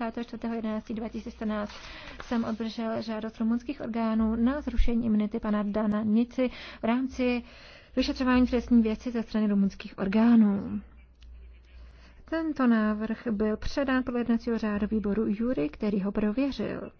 24.11.2014 jsem obdržel žádost rumunských orgánů na zrušení imunity pana Dana Nici v rámci vyšetřování trestní věci ze strany rumunských orgánů. Tento návrh byl předán podle jednacího řádu výboru Jury, který ho prověřil.